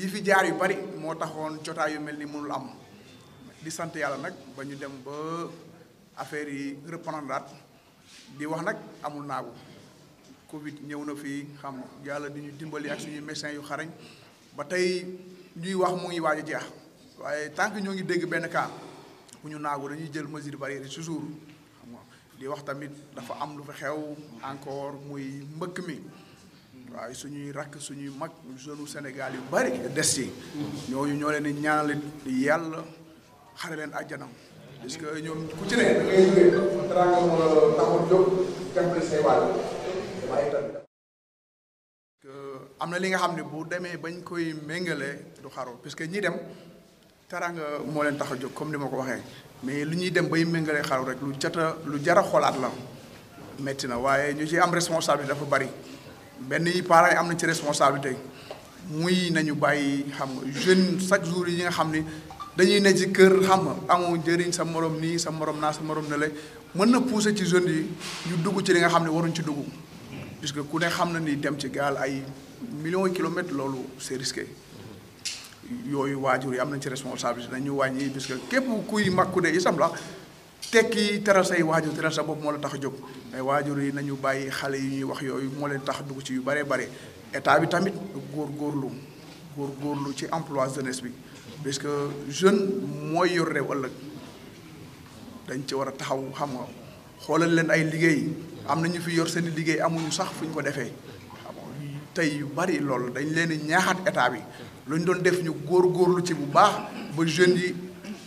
yi fi jaar yu bari moo taxoon jotaay yu mel ni mënul am di sant yàlla nag ba ñu dem ba affaire yi reprendre di wax nag amul naagu Covid ñëw na fii xam yàlla di ñu dimbali ak suñuy médecins yu xarañ ba tey ñuy wax mu ngi waaj jeex waaye tànk ñoo ngi dégg benn kaa bu ñu naagu dañuy jël masir barrière toujours xam di wax tamit dafa am lu fa xew encore muy mbëkk mi. waaye suñuy rakk suñuy mag jeune Sénégal yu bari des si ñooñu ñoo leen di yàlla xare leen àjjanam parce que ñoom ku ci ne da ngay jógee teraanga moo la taxoon jóg jàppale say waay waaye tamit am na li nga xam ne bu demee bañ koy méngalee du xaru parce que ñi dem teraanga moo leen tax a jóg comme ni ma ko waxee mais li ñuy dem bay méngalee xaru rek lu jata lu jara xolaat la metti na waaye ñu ci am responsabilité dafa bari benn yi parents yi am na ci responsabilité muy nañu bàyyi xam nga jeune chaque jour yi nga xam ni dañuy ne ci kër xam nga amoo njëriñ sa morom nii sa morom naa sa morom na mën na pousser ci jeunes yi ñu dugg ci li nga xam ne waruñ ci dugg puisque ku ne xam na ni dem ci gaal ay million de kilomètres loolu c'est risqué yooyu waajur yi am na ci responsabilité nañu wàññi puisque képp kuy mag ku ne isam la tekki teral say waajur teral sa bopp moo la tax a jóg waajur yi nañu bàyyi xale yi ñuy wax yooyu moo leen tax dugg ci yu bare bare état bi tamit góor góorlu góor lu ci emploi jeunesse bi parce que jeune mooy yor réew ëllëg dañ ci war a taxaw xam nga xoolal leen ay liggéey am na ñu fi yor seen i liggéey amuñu sax fu ñu ko defee tey yu bari loolu dañ leen di ñaaxaat état bi lu ñu doon def ñu góor góorlu ci bu baax ba jeunes yi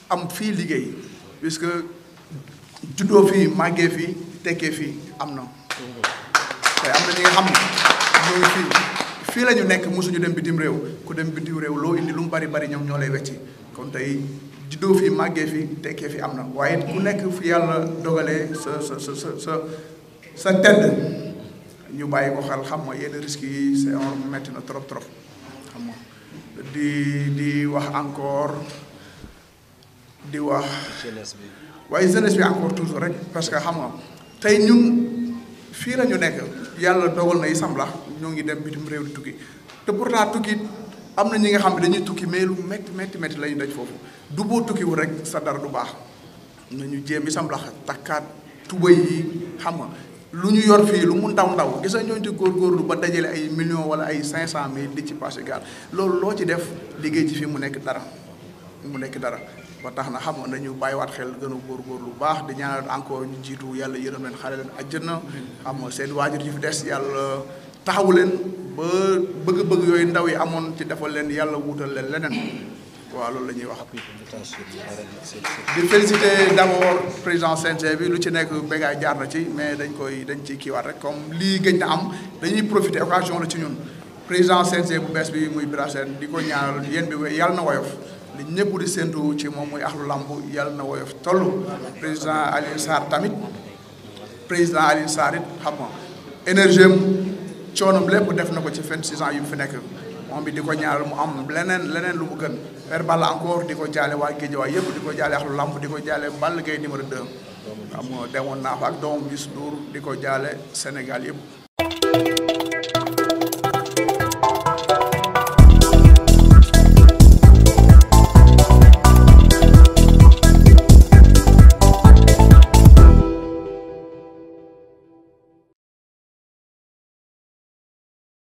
am fii liggéey puisque juddoo fii màggee fi tekkee fi am na te am na ñi xam ne ñooy fii fii la nekk mosuñu dem bitim réew ku dem bitim réew loo indi lu mu bari bari ñoom ñoo lay wecci kon tey juddoo fi màggee fii tekkee fi am na waaye ku nekk fi yàlla dogalee sa sa sa sa sa sa tedd ñu bàyyi ko xam nga yenn risques yi c'est metti na trop trop xam nga di di wax encore di wax waaye jeunesse bi encore toujours rek parce que xam nga tey ñun fii la ñu nekk yàlla dogal na yi samlax ñoo ngi dem bitim réew di tukki te pourtant tukki am na ñi nga xam ne dañuy tukki mais lu métti métti métti la ñu daj foofu du boo tukkiwul rek sa dara du baax nañu jéem yi samlax takkaat tubay yi xam nga lu ñu yor fii lu mu ndaw ndaw gis nga ñooñu góor góorgóorlu ba dajale ay millions wala ay cinq cent mille di ci passé gaal loolu loo ci def liggéey ci fii mu nekk dara mu nekk dara ba tax na xam nañu bàyyiwaat xel gën a góor lu baax di ñaanal encore ñu jiitu yàlla yërëm leen xale leen àjjana xam nga seen waajur yi fi des yàlla taxawu leen ba bëgg-bëgg yooyu ndaw yi amoon ci defal leen yàlla wuutal leen leneen waaw loolu la ñuy wax di féliciter d'abord président CNG bi lu ci nekk bégaay jaar na ci mais dañ koy dañ ciy kiiwaat rek comme lii gëj am dañuy profiter occasion la ci ñun président CNG bu bees bi muy Bira Sène di ko yéen bi yàlla na woyof li ñëpp di séntu ci moom muy axlu làmb yàlla na woyof toll président Alioune Sarr tamit président Alioune Sarr it xam nga énergie am lépp def na ko ci vingt-six ans yu mu fi nekk moom bi di ko ñaanal mu am leneen leneen lu mu gën Père Balla encore di ko jaale waa Guédiawaye yëpp di ko jaale axlu làmb di ko jaale Balla Gaye numéro 2 xam nga demoon naa ak doomam Youssou Ndour di ko jaale Sénégal yëpp